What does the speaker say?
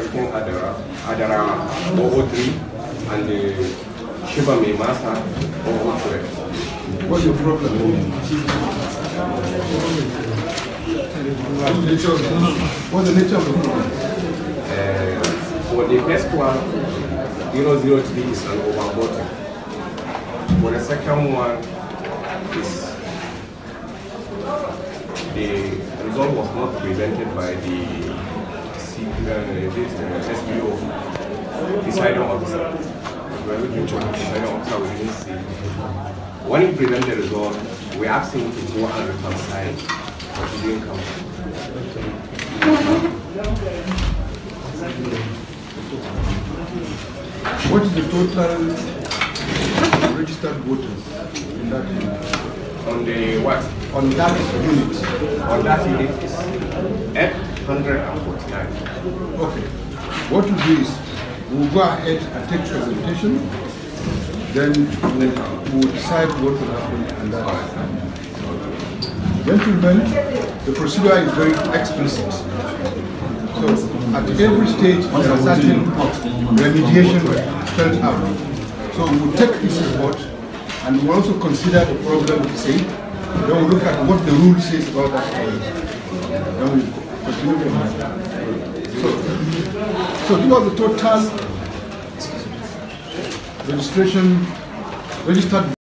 sarkin adarawa oho 3 and the shiba masa oho 12 what's your problem what's the nature of the problem what's the nature of the problem uh, for the first one 003 is an overwater for the second one is the result was not presented by the SBO presiding officer, Ibrahim Jones presiding officer we didn't see. When he presented the result, we asked him to go and reconcile, but he didn't come. What is the total registered voters in that unit? On the what? On that unit. On that unit is 849. Okay. What we do is we'll go ahead and take presentation, then we'll, decide what will happen and that time. Gentlemen, the procedure is very explicit. So at every stage there are certain remediation felt out. So we'll take this report and we'll also consider the problem we see. Then we'll look at what the rule says about that problem. Then we'll continue from there. So here was the total registration registered